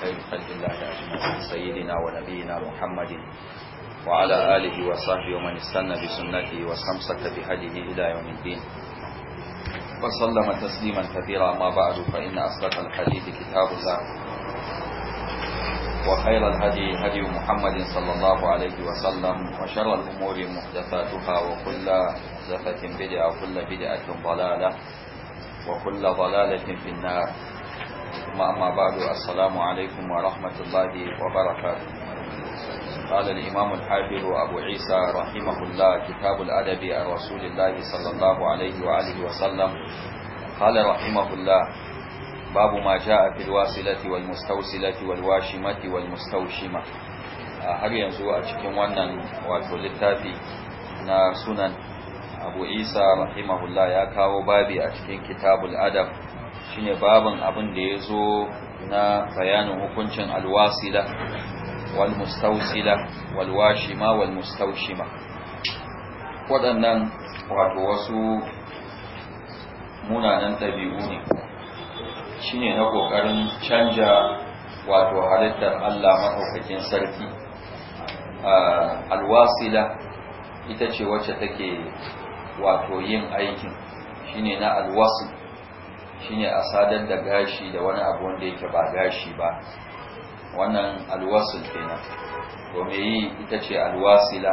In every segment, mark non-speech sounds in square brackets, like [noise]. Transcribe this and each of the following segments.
خير خلق الله أجمعين سيدنا ونبينا محمد وعلى آله وصحبه ومن استنى بسنته واستمسك بهديه إلى يوم الدين وسلم تسليما كثيرا ما بعد فإن أصدق الحديث كتاب الله وخير الهدي هدي محمد صلى الله عليه وسلم وشر الأمور محدثاتها وكل محدثة بدعة وكل بدعة ضلالة وكل ضلالة في النار ثم أما بعد السلام عليكم ورحمة الله وبركاته قال الإمام الحافظ أبو عيسى رحمه الله كتاب الأدب عن رسول الله صلى الله عليه وآله وسلم قال رحمه الله باب ما جاء في الواصلة والمستوصلة والواشمة والمستوشمة har yanzu a cikin wannan wato littafi na sunan abu isa rahimahullah ya kawo babi a cikin kitabul adab shine babin abin da ya zo na bayanin hukuncin alwasila wal mustausila wal washima wal mustaushima waɗannan wato wasu munanan ɗabi'u ne shine na ƙoƙarin canja wato halittar Allah maɗaukakin sarki alwasila ita ce wacce take wato yin aikin shine na alwasil shine a sadar da gashi da wani abu wanda yake ba gashi ba wannan alwasil kenan to me yi ita ce alwasila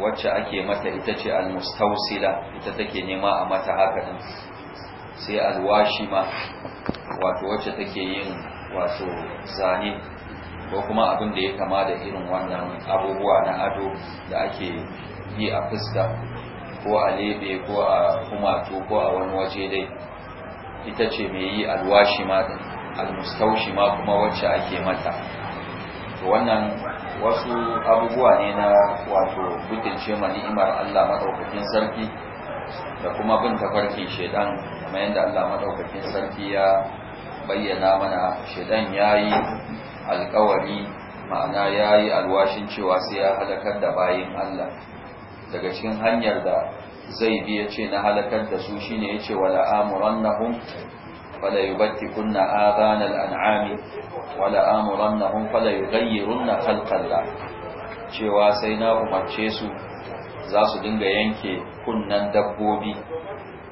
wacce ake mata ita ce almustausila ita take nema a mata haka din sai alwashima wato wacce take yin wato zane ko kuma abin da ya kama da irin wannan abubuwa na ado da ake yi a fuska ko a lebe ko a kumatu ko a wani waje dai ita ce mai yi alwashi ma da almustaushi ma kuma wacce ake mata wannan wasu abubuwa ne na wato butulce ma ni'imar Allah maɗaukakin sarki da kuma bin tafarkin shaidan kuma yadda Allah maɗaukakin sarki ya bayyana mana ya yi alkawari ma'ana ya yi alwashin cewa sai ya halakar da bayin Allah daga cikin hanyar da zai bi ce na halakar da su shine ya ce wala amurannahum fala yubtikunna adhan al'ami wala amurannahum fala yughayyirunna khalqallah cewa sai na umarce su za su dinga yanke kunnan dabbobi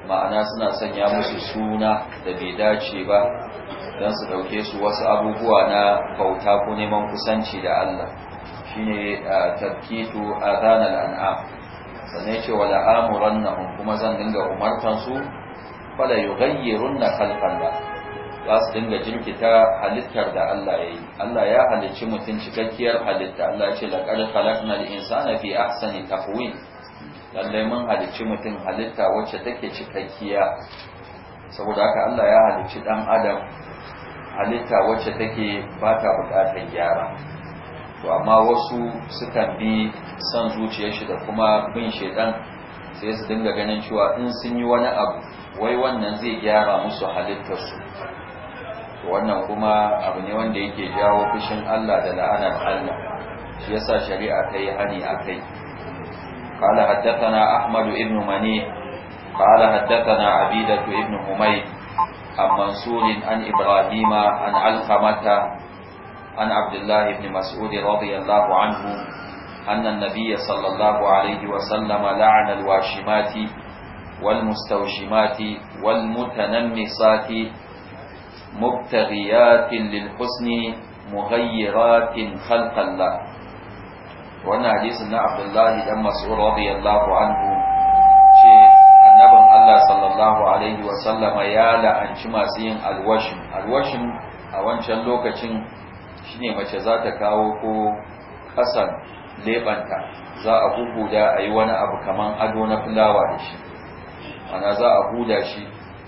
ma'ana suna sanya musu suna da bai dace ba don su dauke su wasu abubuwa na bauta ko neman kusanci da Allah shine a ranar al'am sannan ce wa la'amuran na kuma zan dinga umartan su fala yughayyirunna ba za su dinga jirkita halittar da Allah ya yi Allah ya halicci mutum cikakkiyar halitta Allah ya ce laqad khalaqnal insana fi ahsani taqwim lallai mun halicci mutum halitta wacce take cikakkiya saboda haka Allah ya halicci ɗan adam halitta wacce take ba ta buƙatar gyara to amma wasu sukan bi son zuciyar shi da kuma bin shedan sai su dinga ganin cewa in sun yi wani abu wai wannan zai gyara musu halittarsu wannan kuma abu ne wanda yake jawo fushin Allah da la'anar Allah shi yasa shari'a ta yi hani a kai قال حدثنا أحمد بن مني قال حدثنا عبيدة بن حميد عن منصور عن إبراهيم عن علقمة عن عبد الله بن مسعود رضي الله عنه أن النبي صلى الله عليه وسلم لعن الواشمات والمستوشمات والمتنمصات مبتغيات للحسن مغيرات خلق الله وانا حديث عبد الله بن مسعود رضي الله عنه annabin Allah sallallahu Alaihi wasallama ya la'anci masu yin alwashin, alwashin a wancan lokacin shine mace za ta kawo ko kasan lebanta za a da a yi wani abu kaman ado na fulawa da shi ana za a huda shi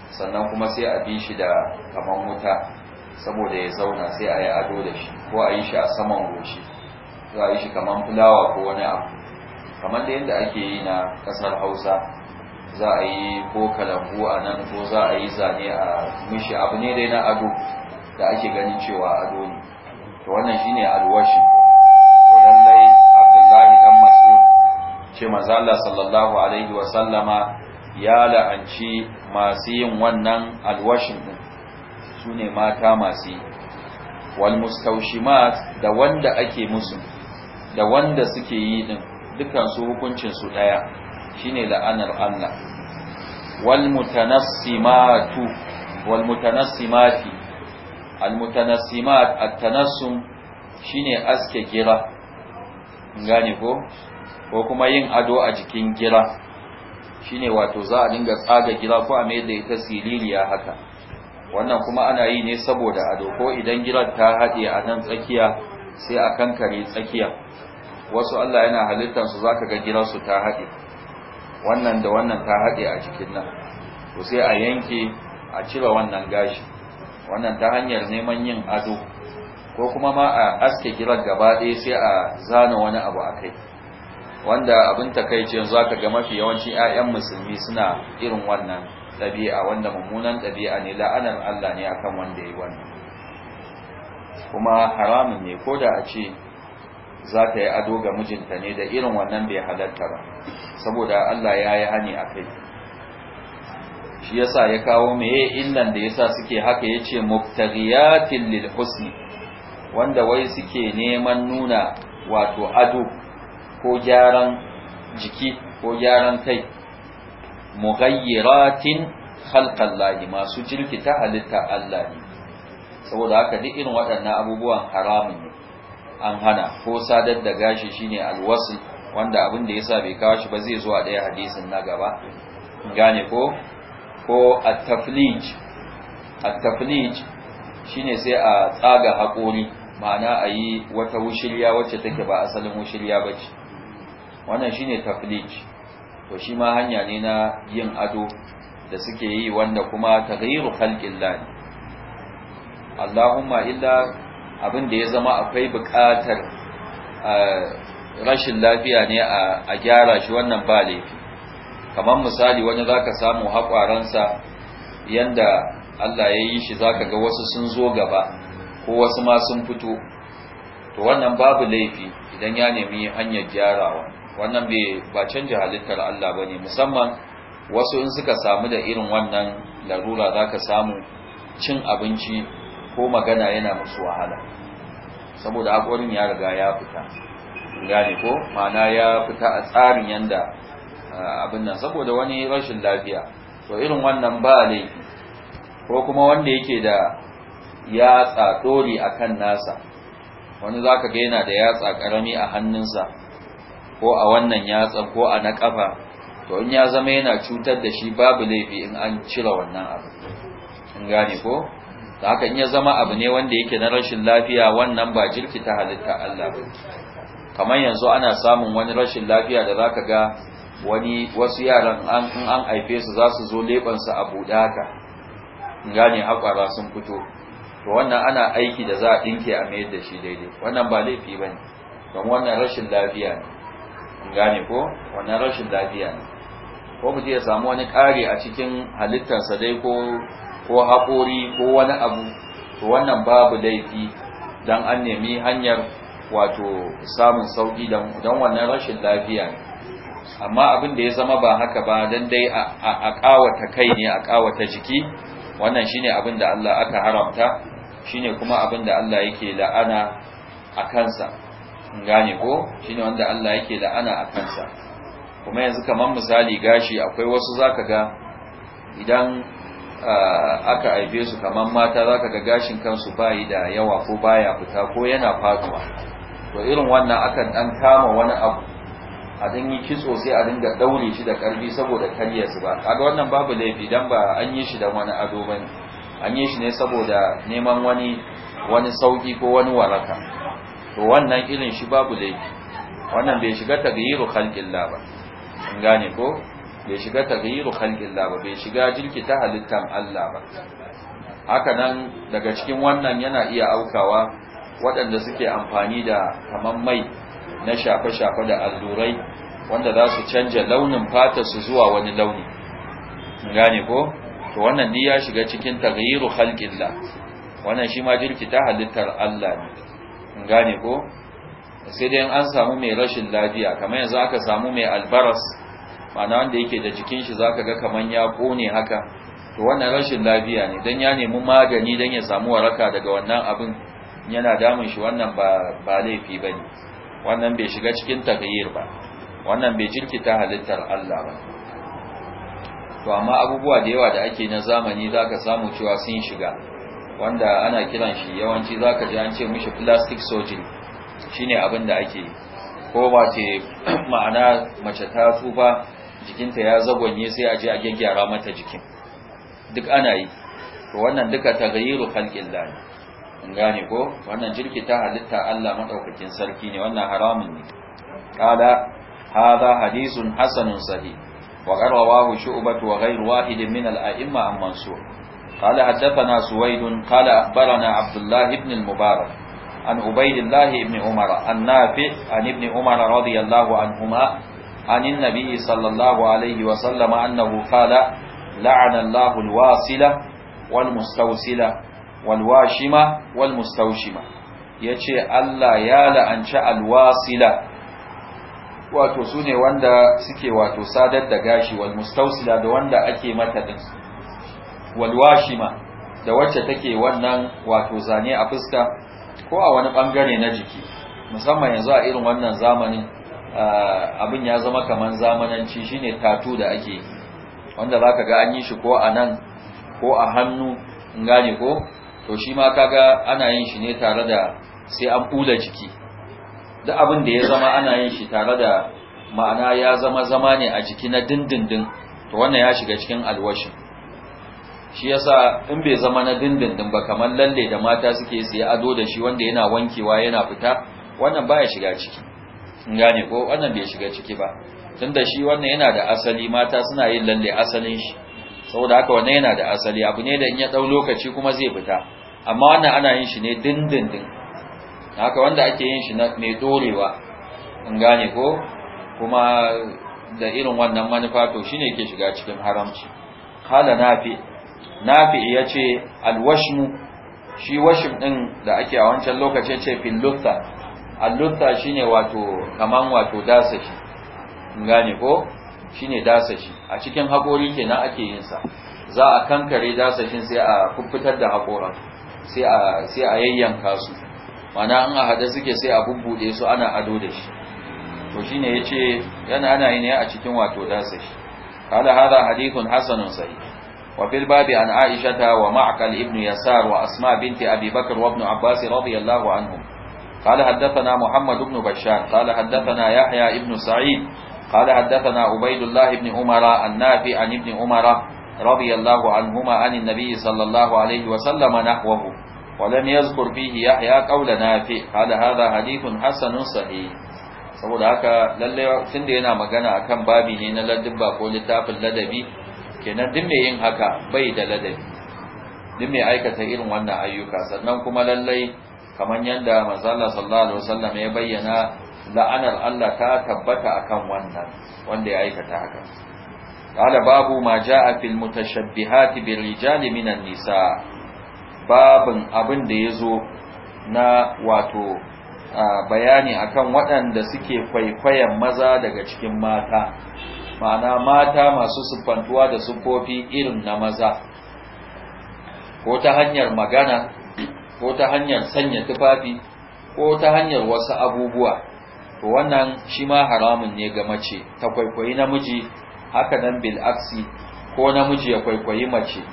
sannan kuma sai a bi shi da kaman wuta saboda ya zauna sai a yi ado da shi ko a yi shi a saman goshi za a yi shi kaman fulawa ko wani abu kamar da yadda ake yi na kasar hausa za a yi ko kalambu a nan ko za a yi zane a mishi abu ne dai na ado da ake ganin cewa ado ne to wannan shine alwashi to lallai abdullahi dan mas'ud ce manzo Allah sallallahu alaihi wa sallama ya la'anci masu yin wannan alwashin din sune mata masu wal mustawshimat da wanda ake musu da wanda suke yi din dukan su hukuncin su daya shine la'anar Allah wal mutanassimatu wal mutanassimati almutanassimat at-tanassum shine aske gira gane ko kuma yin ado a jikin gira shine wato za a dinga tsaga gira ko a mai da ita sililiya haka wannan kuma ana yi ne saboda ado ko idan girar ta haɗe a nan tsakiya sai a kankare tsakiya wasu Allah yana halittar su zaka ga girar su ta haɗe wannan da wannan ta haɗe a jikin nan to sai a yanke a cire wannan gashi wannan ta hanyar neman yin ado ko kuma ma a aske girar gaba ɗaya sai a zana wani abu a kai wanda abin takaici yanzu aka ga mafi yawanci 'ya'yan musulmi suna irin wannan ɗabi'a wanda mummunan ɗabi'a ne la'anar Allah ne akan wanda yi wannan kuma haramun ne ko da a ce za ta yi ado ga mijinta ne da irin wannan bai halatta ba saboda Allah ya yi hani a kai shi yasa ya kawo meye illan da yasa suke haka yace mubtaghiyatil lil husni wanda wai suke neman nuna wato ado ko gyaran jiki ko gyaran kai mughayyiratin khalqallahi masu ta halitta Allah ne saboda haka duk irin waɗannan abubuwan haramun ne an hana ko sadar da gashi shine alwasil wanda abin da yasa bai kawo shi ba zai zo a ɗaya hadisin na gaba gane ko ko at-taflij at-taflij shine sai a tsaga haƙori ma'ana a yi wata wushirya wacce take ba asalin wushirya ba ce wannan shine taflij to shi ma hanya ne na yin ado da suke yi wanda kuma tagayiru khalqillah Allahumma illa abin da ya zama akwai buƙatar eh, rashin lafiya ne a gyara shi wannan ba laifi kamar misali wani zaka samu haƙwaransa yanda Allah ya yi shi zaka ga wasu sun zo gaba ko wasu ma sun fito to wannan babu laifi idan ya nemi hanyar gyarawa wannan bai ba canja halittar Allah bane musamman wasu in suka samu da irin wannan larura zaka samu cin abinci ko magana yana musu wahala saboda haƙorin ya riga ya fita gane ko ma'ana ya fita a tsarin yanda abin nan saboda wani rashin lafiya to irin wannan ba laifi ko kuma wanda yake da yatsa dori akan nasa wani zaka ga yana da yatsa karami a hannunsa ko a wannan yatsan ko a na kafa to in ya zama yana cutar da shi babu laifi in an cire wannan abu in gane ko da haka in ya zama abu ne wanda yake na rashin lafiya wannan ba jirki ta halitta Allah ba kamar yanzu ana samun wani rashin lafiya da zaka ga wani wasu yaran an in an haife su za su zo su a buɗe haka gane haƙwara sun fito to wannan ana aiki da za a ɗinke a mayar da shi daidai wannan ba laifi ba ne don wannan rashin lafiya ne gane ko wannan rashin lafiya ne ko mu ya samu wani ƙari a cikin halittarsa dai ko ko haƙori ko wani abu to wannan babu laifi don an nemi hanyar wato samun sauƙi don wannan rashin lafiya ne amma abin da ya zama ba haka ba dan dai a kawata kai ne a kawata jiki wannan shine abin da Allah aka haramta shine kuma abin da Allah yake la'ana a kansa gane ko shine wanda Allah yake la'ana a kansa kuma yanzu kamar misali gashi akwai wasu zaka ga idan aka aibe su kamar mata zaka ga gashin kansu bayi da yawa ko baya fita ko yana faduwa to irin wannan akan dan kama wani abu a dan yi kitso sai a dinga daure shi da karfi saboda su ba kaga wannan babu laifi dan ba an yi shi da wani ado bane an yi shi ne saboda neman wani wani sauki ko wani waraka to wannan irin shi babu laifi wannan bai shiga tagayiru khalqillah ba an gane ko bai shiga tagayiru khalqillah ba bai shiga ta halittan Allah ba haka nan daga cikin wannan yana iya aukawa waɗanda suke amfani da kaman mai na shafe-shafe da allurai wanda za su canja launin fata su zuwa wani launi gane ko to wannan ni ya shiga cikin taghyiru khalqillah wannan shi ma jirkita halittar Allah ne gane ko sai dai an samu mai rashin lafiya kamar yanzu aka samu mai albaras ma'ana wanda yake da jikin shi zaka ga kaman ya kone haka to wannan rashin lafiya ne dan ya nemi magani dan ya samu waraka daga wannan abin yana damun shi wannan ba ba laifi bane wannan bai shiga cikin taghyir ba wannan bai ta halittar Allah ba to amma abubuwa da yawa da ake na zamani zaka samu cewa sun shiga wanda ana kiran shi yawanci zaka ji an ce mishi plastic surgery shine abin da ake ko ba ce [clears throat] ma'ana mace ta tsufa jikinta ya zagonye sai a je a gyaggyara mata jikin duk ana yi to wannan duka taghayyuru khalqillah gane ko wannan jirkita halitta Allah madaukakin sarki ne wannan haramun ne kada haza, hadisun hasanun Sadi, wa qarawahu shu'batu wa ghayru wahidin min al-a'imma am mansur qala hadathana suwaidun qala akhbarana abdullah ibn mubarak an ubaydillah ibn Umar, an nafi an ibn umara radiyallahu anhuma عن النبي صلى الله عليه وسلم أنه قال لعن الله الواصلة والمستوصلة walwashima walmustaushima yace Allah ya la'anci alwasila wato sune wanda suke wato sadar da gashi walmustausila da wanda ake mata din walwashima da wacce take wannan wato zane a fuska ko a wani bangare na jiki musamman yanzu a irin wannan zamanin abin ya zama kaman zamananci shine tatu da ake wanda zaka ga an yi shi ko a nan ko a hannu in gane ko to shi ma kaga ana yin shi ne tare da sai an bula jiki duk abin da ya zama ana yin shi tare da ma'ana ya zama zama ne a jiki na dindindin to wannan ya shiga cikin alwashin shi yasa in bai zama na dindindin ba kamar lalle da mata suke siya ado da shi wanda yana wankewa yana fita wannan baya shiga ciki in gane ko wannan bai shiga ciki ba tunda shi wannan yana da asali mata suna yin lalle asalin shi saboda haka wannan yana da asali abu ne da in ya dau lokaci kuma zai fita amma wannan ana yin shi ne dindindin haka wanda ake yin shi mai dorewa in gane ko kuma da irin wannan manufa to shine ke shiga cikin haramci kala nafi nafi ya ce alwashmu shi washim din da ake a wancan lokacin ce fillutha allutha shine wato kaman wato dasashi in gane ko shine dasashi a cikin hakori kenan ake yin sa za a kankare dasashin sai a kuffutar da haƙoran sai a yayyanka su mana an a hada suke sai a bubbude su ana ado da shi to shine yace yana ana yi ne a cikin wato dasa shi qala hada hadithun hasanun sahih wa fil babi an aisha wa ma'qal ibn yasar wa asma binti abi bakr wa ibn abbas radiyallahu anhum قال حدثنا muhammad بن بشار قال حدثنا yahya بن sa'id قال حدثنا عبيد الله umara an nafi عن Ibn عمر radiyallahu ma'anin anin nabi sallallahu alaihi wa sallama nahwahu wa lam yazkur fihi yahya qawla nafi qala hadha hadithun hasanun sahih saboda haka lalle tunda yana magana akan babi ne na ladabba ko littafin ladabi kenan duk mai yin haka bai da ladabi duk mai aikata irin wannan ayyuka sannan kuma lallai kamar yadda manzala sallallahu alaihi wasallam ya bayyana la'anar Allah ta tabbata akan wannan wanda ya aikata haka قال باب ما جاء في المتشبهات بالرجال من النساء باب abin da yazo na wato bayani akan waɗanda suke kwaikwayon maza daga cikin mata ma'ana mata masu siffantuwa da siffofi irin na maza ko ta hanyar magana ko ta hanyar sanya tufafi ko ta hanyar wasu abubuwa to wannan shi ma haramun ne ga mace ta kwaikwayi namiji haka nan bil'aksi ko namiji ya kwaikwayi mace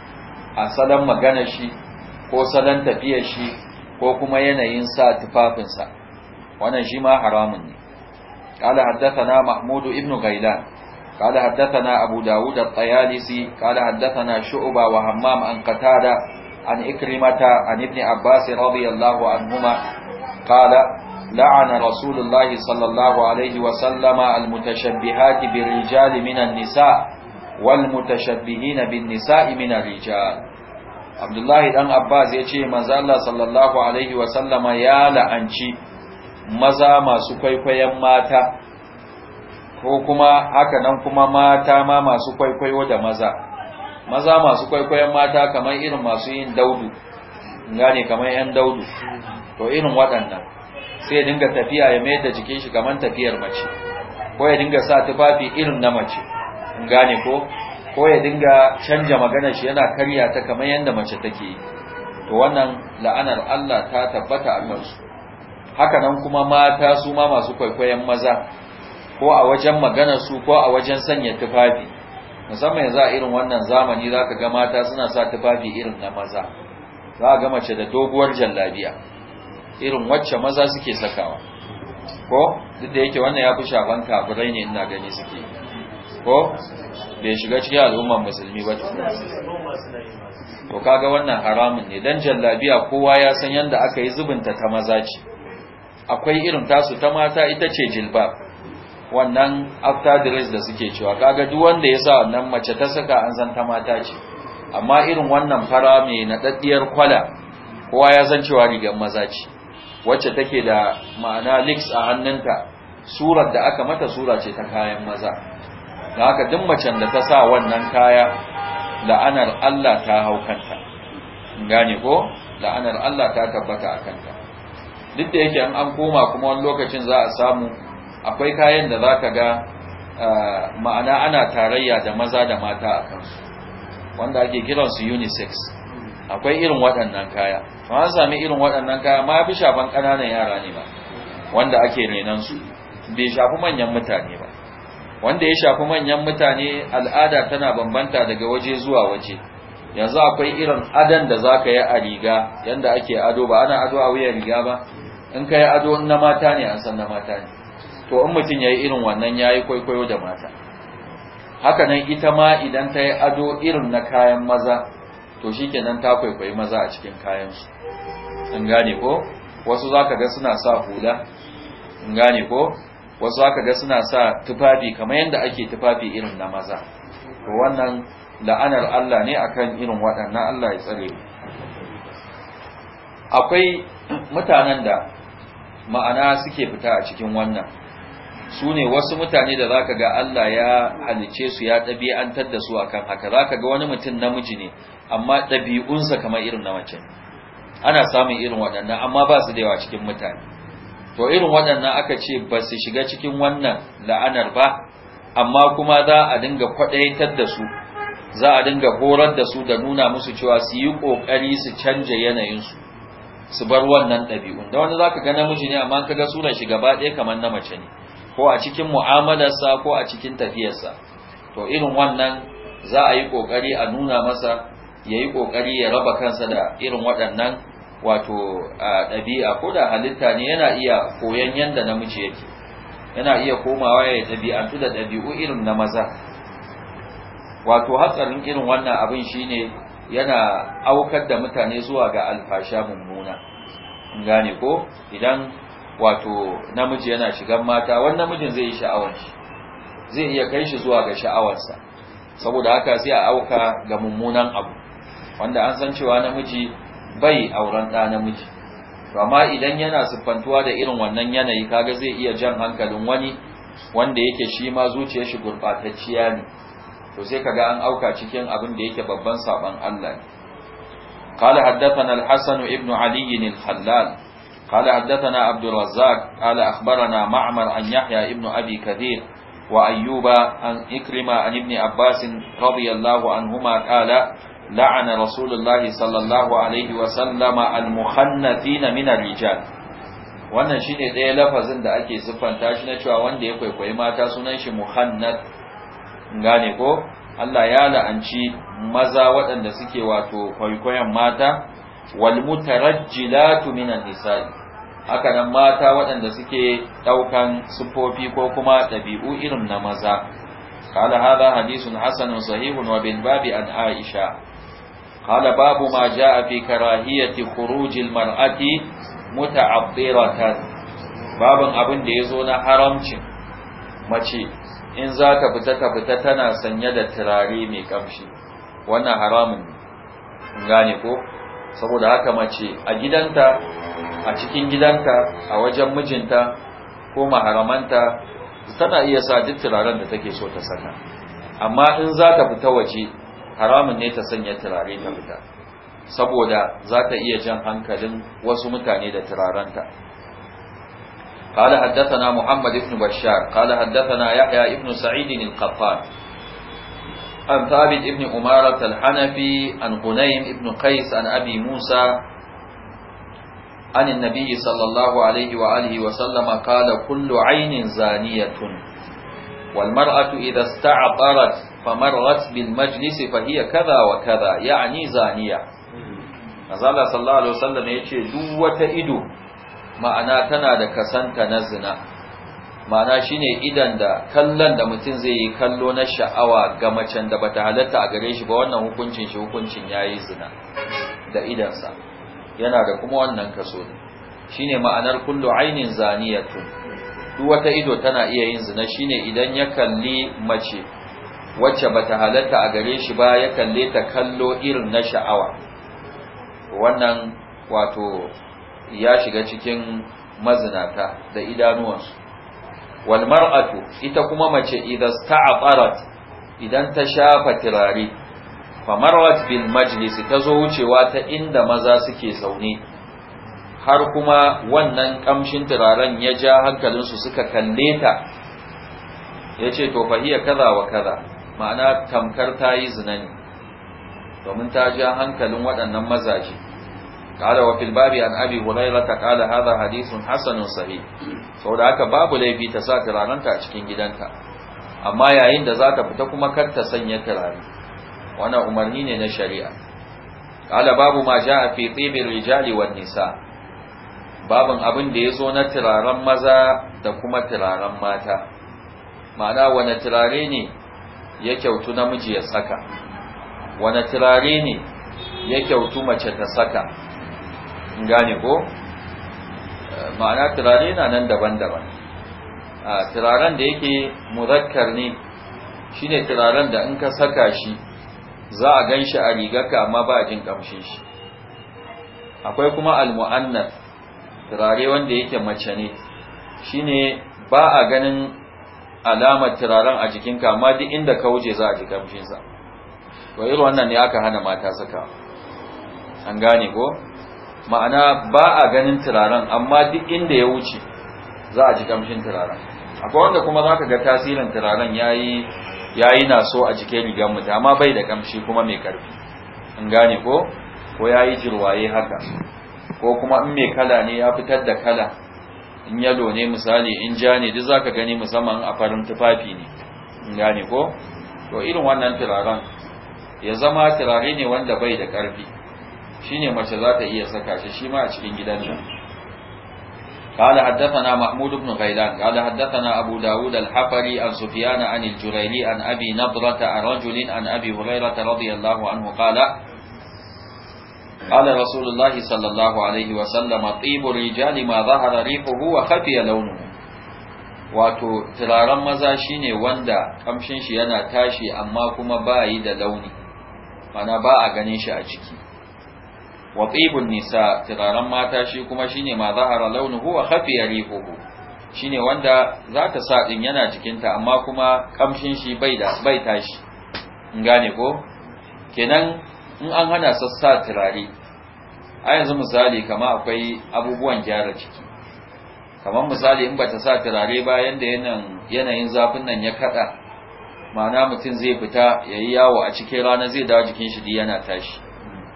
a salon magana shi ko salon tafiya shi ko kuma yanayin sa tufafinsa wannan shi ma haramun ne kala haddathana mahmudu ibnu gailan kala haddathana abu dawud at-tayalisi kala haddathana shu'ba wa hammam an qatada an ikrimata an ibni abbas radiyallahu anhuma kala la'ana rasulullahi sallallahu alaihi wa sallama almutashabbihati birrijali minan nisa wal mutashabbihina bin rijal Abdullahi dan Abbas ya ce الله صلى sallallahu alaihi wa sallama ya la'anci maza masu kwaikwayon mata ko kuma haka nan kuma mata ma masu kwaikwayo da maza maza masu kwaikwayon mata kamar irin masu yin daudu gane kamar yan daudu to irin waɗannan sai dinga tafiya ya mai da jikin shi kamar tafiyar mace ko ya dinga sa tufafi irin na mace in gane ko ko ya dinga canja magana shi yana karya ta kamar yadda mace take yi to wannan la'anar Allah ta tabbata a kansu haka nan kuma mata su ma masu kwaikwayon maza ko a wajen magana su ko a wajen sanya tufafi musamman yanzu a irin wannan zamani zaka ga mata suna sa tufafi irin na maza za a ga mace da doguwar jallabiya irin wacce maza suke sakawa ko duk da yake wannan ya fi shafan kafirai ne ina gani suke ko bai shiga cikin al'ummar musulmi ba to kaga wannan haramun ne dan jallabiya kowa ya san yanda aka yi zubinta ta maza ce akwai irin tasu ta mata ita ce jilba. wannan after dress da suke cewa kaga duk wanda ya sa wannan mace ta saka an san ta mata ce amma irin wannan fara mai naɗaɗɗiyar kwala kowa ya san cewa rigar maza ce wacce take da ma'ana links a hannunta surar da aka mata sura ce ta kayan maza da haka duk macen da ta sa wannan kaya la'anar Allah ta hau kanta gane ko la'anar Allah ta tabbata a kanta duk da yake an koma kuma wani lokacin za a samu akwai kayan da za ka ga eh, ma'ana ana tarayya da maza da mata a kansu wanda ake kiransu unisex akwai irin waɗannan kaya to an sami irin waɗannan kaya ma fi shafan ƙananan yara ne ba wanda ake renan su bai shafi manyan mutane ba wanda ya shafi manyan mutane al'ada tana bambanta daga waje zuwa waje yanzu akwai irin adon da za ka yi a riga yadda ake ado ba ana ado a wuyan riga ba in ka yi ado na mata ne an san na mata ne to in mutum ya yi irin wannan ya yi kwaikwayo da mata haka nan ita ma idan ta yi ado irin na kayan maza to shi kenan ta kwaikwayi maza a cikin kayansu In gane ko wasu zaka ga suna sa hula In gane ko wasu zaka ga suna sa tufafi kamar yadda ake tufafi irin na maza to wannan la'anar Allah ne akan irin waɗannan Allah ya tsare akwai mutanen da ma'ana suke fita a cikin wannan su ne wasu mutane da za ka ga Allah ya halice su ya ɗabi'antar da su akan haka Za ka ga wani mutum namiji ne amma ɗabi'unsa kamar irin na mace ana samun irin waɗannan amma ba su da yawa cikin mutane to irin waɗannan aka ce ba su shiga cikin wannan la'anar ba amma kuma za a dinga kwaɗaitar da su za a dinga horar da su da nuna musu cewa su yi ƙoƙari su canja yanayinsu su bar wannan ɗabi'un da wani za ka ga namiji ne amma ka ga sunan shi gaba ɗaya kamar na mace ne ko a cikin mu'amalarsa ko a cikin tafiyarsa to irin wannan za a yi kokari a nuna masa yayi yi kokari ya raba kansa da irin waɗannan wato ɗabi'a ko da halitta ne yana iya koyon yanda namiji yake yana iya komawa ya ɗabi'antu da ɗabi'u irin na maza wato hatsarin irin wannan abin shine yana aukar da mutane zuwa ga alfasha mummuna gane ko idan wato namiji yana shigan mata wani namijin zai yi sha'awar shi zai iya kai shi zuwa ga sha'awarsa saboda haka sai a auka ga mummunan abu wanda an san cewa namiji bai auren ɗa namiji to amma idan yana siffantuwa da irin wannan yanayi kaga zai iya jan hankalin wani wanda yake shi ma zuciyar shi gurɓatacciya ne to sai kaga an auka cikin abin da yake babban saban Allah قال حدثنا الحسن ابن علي الخلال قال حدثنا عبد الرزاق قال أخبرنا معمر عن يحيى ابن أبي كثير وأيوب عن إكرمة عن ابن عباس رضي الله عنهما قال لعن رسول الله صلى الله عليه وسلم المخنثين من الرجال wannan shine ɗaya lafazin da ake siffanta shi na cewa wanda ya kwaikwayi mata sunan shi muhannat gane ko Allah ya la'anci maza waɗanda suke wato kwaikwayon mata Walmu ta rajji latu minan hisali. Hakanan mata waɗanda suke ɗaukan sifofi ko kuma ɗabi'u irin na maza. Kala haza Hadizu na Hassanun sahihun abin babi a Aisha. Kala babu ma ja fi ka ra'ayi ya tukuru jilmar abin da ya zo na haramci mace in za ta fita tana sanye da turare mai kamshi. Wannan haramun gane ko? saboda haka mace a gidanta a cikin gidanta a wajen mijinta ko maharamanta tana iya sa duk turaren da take so ta saka amma in za ta fita waje haramun ne ta sanya turare ta fita saboda za ta iya jan hankalin wasu mutane da turarenta قال حدثنا محمد بن بشار قال حدثنا يحيى بن سعيد القطان عن ثابت ابن أمارة الحنفي عن غنيم ابن قيس عن أبي موسى عن النبي صلى الله عليه وآله وسلم قال كل عين زانية والمرأة إذا استعطرت فمرت بالمجلس فهي كذا وكذا يعني زانية نزال صلى الله عليه وسلم يقول دوة إدو ma'ana tana da kasanta na zina ma'ana shine idan da kallon da mutum zai yi kallo na sha'awa ga macen da bata halatta a gare shi ba wannan hukuncin shi hukuncin ya yi zina da idansa yana da kuma wannan kaso ne shine ma'anar kullu ainin zaniyatun duk wata ido tana iya yin zina shine idan ya kalli mace wacce bata halatta a gare shi ba ya kalle ta kallo irin na sha'awa wannan wato ya shiga cikin mazinata da idanuwansu wal mar'atu ita kuma mace idan sta'abarat idan ta shafa turare fa marwat bil majlis ta zo wucewa ta inda maza suke zaune har kuma wannan kamshin turaren ya ja hankalinsu suka kalle ta ya ce to fahiya kaza wa kaza ma'ana tamkar ta yi zina domin ta ja hankalin waɗannan mazaje قال وفي الباب عن ابي هريره قال هذا حديث حسن صحيح saboda haka babu laifi ta sa turarenta a cikin gidanta amma yayin da za fita kuma kar ta sanya turare wannan umarni ne na shari'a قال babu ma جاء في طيب rijali والنساء nisa babin abin da yazo na turaren maza da kuma turaren mata ma'ana wani turare ne ya kyautu namiji ya saka wani turare ne ya kyautu mace ta saka gane ko eh, ma'ana turare na nan daban-daban turaren da yake muzakkar ne shine turaren da in ka saka shi za a gan shi a rigarka amma ba a jin kamshin shi akwai kuma almu'annas turare wanda yake mace ne shine ba a ganin alamar turaren a jikinka amma duk inda ka wuce za a ji kamshinsa to irin wannan ne aka hana mata saka an gane ko ma'ana ba a ganin turaren amma duk inda ya wuce za a ji kamshin turaren akwai wanda kuma za ka ga tasirin turaren ya yi na so a jikin rigar mutu, amma bai da kamshi kuma mai karfi in gane ko ko ya yi jirwaye haka ko kuma in mai kala ne ya fitar da kala in yalo ne misali in ja ne duk za ka gani musamman a farin tufafi ne in gane ko to irin wannan turaren ya zama turare ne wanda bai da karfi shine mace za ta iya saka shi shi ma a cikin gidan nan قال حدثنا محمود بن غيلان قال حدثنا أبو داود الحفري عن سفيان عن الجريري عن أبي نضرة عن رجل عن أبي هريرة رضي الله عنه قال قال رسول الله صلى الله عليه وسلم طيب الرجال ما ظهر ريحه وخفي لونه wato turaren maza shine wanda kamshin shi yana tashi amma kuma ba yi da launi mana ba a ganin shi a ciki wa nisa turaren mata shi kuma shine ma zahara launuhu wa khafiya rihuhu shine wanda zaka sa din yana jikinta amma kuma kamshin shi bai da bai tashi in gane ko kenan in an hana sassa turare a yanzu misali kama akwai abubuwan gyara ciki kamar misali in bata sa turare ba yanda yanayin zafin nan ya kada ma'ana mutum zai fita yayi yawo a cikin rana zai dawo jikin shi yana tashi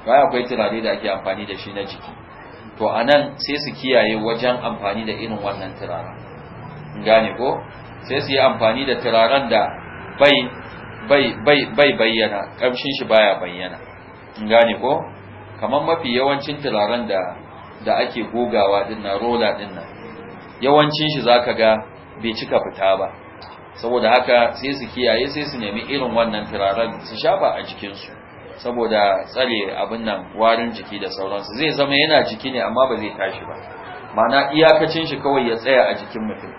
baya akwai turare da ake amfani da shi na jiki to anan sai su kiyaye wajen amfani da irin wannan turaren gane ko sai su yi amfani da turaren da bai bai bai bai bayyana kamshin shi baya bayyana gane ko kamar mafi yawancin turaren da da ake gogawa din na rola din nan yawancin shi zaka ga bai cika fita ba saboda haka sai su kiyaye sai su nemi irin wannan turaren su shafa a jikinsu saboda tsare abin nan warin jiki da sauransu zai zama yana jiki ne amma ba zai tashi ba mana iyakacin shi kawai ya tsaya a jikin mutum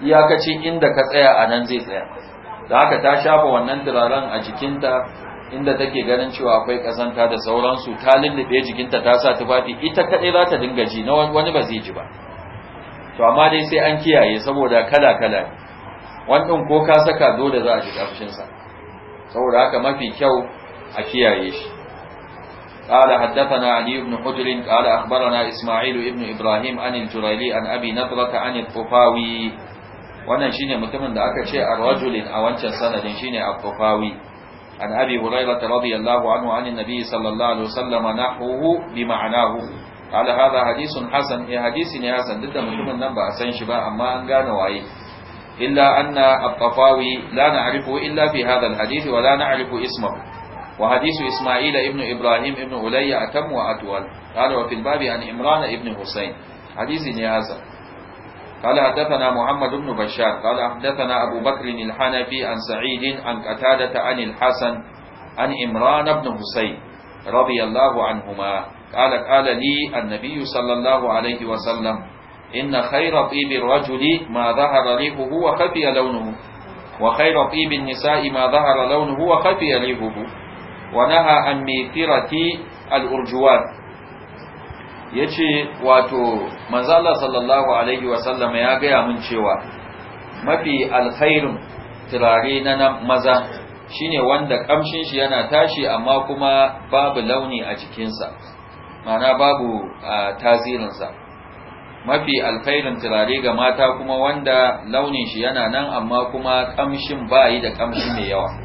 iyakacin inda ka tsaya a nan zai tsaya da haka ta shafa wannan turaren a jikinta inda take ganin cewa akwai kazanta da sauransu ta lullube jikinta ta sa tufafi ita kaɗai za ta dinga ji na wani ba zai ji ba to amma dai sai an kiyaye saboda kala kala ne wannan ko ka saka dole za a ji ƙarshensa saboda haka mafi kyau a kiyaye shi قال حدثنا علي بن حجر قال أخبرنا إسماعيل بن إبراهيم عن الجريلي عن أبي نضرة عن الطفاوي wannan shine mutumin da aka ce ar-rajulin a wancan sanadin shi shine al-Bukhari an Abi Hurairah radiyallahu anhu an annabi sallallahu alaihi na nahuhu bi ma'anahu. qala hada hadithun hasan eh hadisi ne hasan duk da mutumin nan ba a san shi ba amma an gane waye illa anna al-Bukhari la na'rifu illa fi hadha al-hadith wa la na'rifu ismahu وحديث إسماعيل ابن إبراهيم ابن أولي أتم وأطول قال وفي الباب عن إمران ابن حسين حديث نيازة قال حدثنا محمد بن بشار قال حدثنا أبو بكر الحنفي عن سعيد عن قتادة عن الحسن عن إمران بن حسين رضي الله عنهما قال قال لي النبي صلى الله عليه وسلم إن خير طيب الرجل ما ظهر ريحه وخفي لونه وخير طيب النساء ما ظهر لونه وخفي ريحه ونهى عن ميثرة الأرجوان yace wato manzo sallallahu alaihi wasallam ya gaya mun cewa mafi alkhairun turare na maza shine wanda kamshin shi yana tashi amma kuma babu launi a jikinsa ma'ana babu tasirinsa mafi alkhairun turare ga mata kuma wanda launin shi yana nan amma kuma kamshin bayi da kamshin mai yawa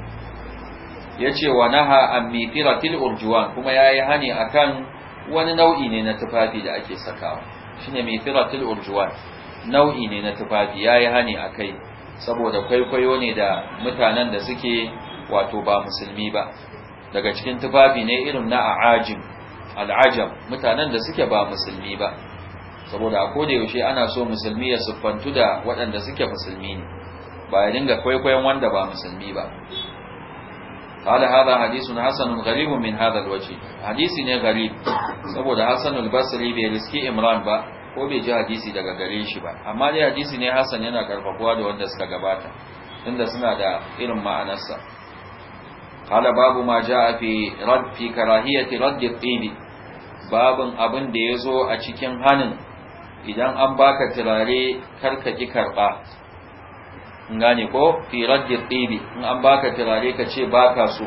yace wa naha an mifiratil urjuwan kuma yayi hani akan wani nau'i ne na tufafi da ake sakawa shine mifiratil urjuwan nau'i ne na tufafi yayi hani akai saboda kwaikwayo ne da mutanen da suke wato ba musulmi ba daga cikin tufafi ne irin na a'ajim al'ajam mutanen da suke ba musulmi ba saboda a koda yaushe ana so musulmi ya siffantu da waɗanda suke musulmi ne ba ya dinga kwaikwayon wanda ba musulmi ba قال هذا حديث حسن غريب من هذا الوجه حديثي ne غريب saboda Hassan al-Basri bai riski Imran ba ko bai ji hadisi daga gare shi ba amma dai hadisi ne Hassan yana karfafuwa da wanda suka gabata tunda suna da irin ma'anarsa قال باب ما جاء في رد في كراهيه رد الطيب babin abin da yazo a cikin hanin idan an baka turare karka ki karba gane ko fi raddin tibi in an baka turare ka ce baka so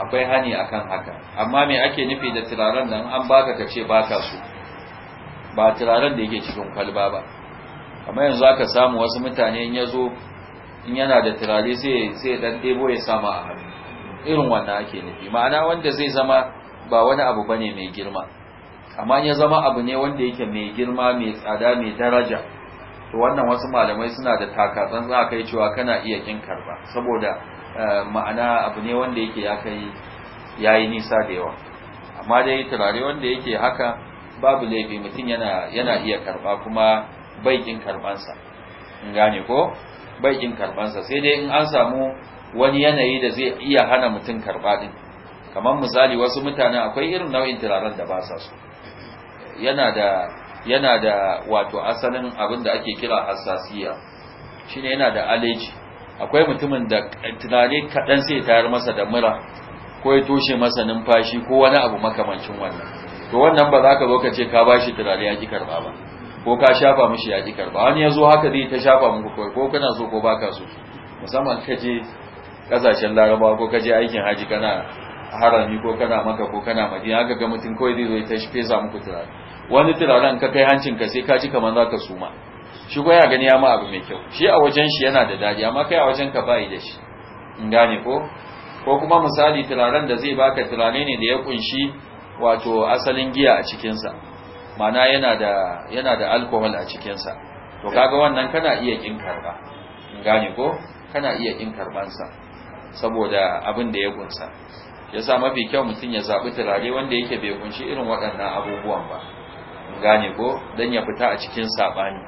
akwai hani akan haka amma me ake nufi da turaren nan an baka ka ce baka so ba turaren da yake cikin kwalba ba amma yanzu aka samu wasu mutane in yazo in yana da turare sai dan debo ya sama a hannu irin wannan ake nufi ma'ana wanda zai zama ba wani abu bane mai girma amma ya zama abu ne wanda yake mai girma mai tsada mai daraja to wannan wasu malamai suna da taka takatsan za kai cewa kana iya kin karba saboda eh, ma'ana abu ne wanda yake ya kai yayi nisa da yawa amma dai turare wanda yake haka babu laifi mutum yana yana iya karba kuma bai kin karbansa in gane ko bai kin karbansa sai dai in an samu wani yanayi da zai iya hana mutum karba din kamar misali wasu mutane akwai irin nau'in turaren da ba sa so yana da yana da wato asalin abin da ake kira hassasiya shine yana da aleji akwai mutumin da tunani kaɗan sai tayar masa da mura ko ya toshe masa numfashi ko wani abu makamancin wannan to wannan ba za ka zo ka ce ka ba shi tunani ya ƙi ba ko ka shafa mishi ya ƙi karɓa wani ya zo haka zai ta shafa muku kawai ko kana so ko baka so musamman ka je ƙasashen larabawa ko ka je aikin haji kana harami ko kana maka ko kana madina haka ga mutum kawai zai zo ya ta fesa muku tunani wani turaren ka kai hancin ka sai ka ji kamar za ka suma shi ko ya gani ya ma abu mai kyau shi a wajen shi yana da dadi amma kai a wajen ka bai da shi in gane ko ko kuma misali turaren da zai baka turare ne da ya kunshi wato asalin giya a cikinsa mana yana da yana da alcohol a cikinsa to kaga wannan kana iya kin karba in gane ko kana iya kin karbansa saboda abin da ya kunsa yasa mafi kyau mutum ya zaɓi turare wanda yake bai kunshi irin waɗannan abubuwan ba Kunganeko, zan iya fita a cikin saɓani.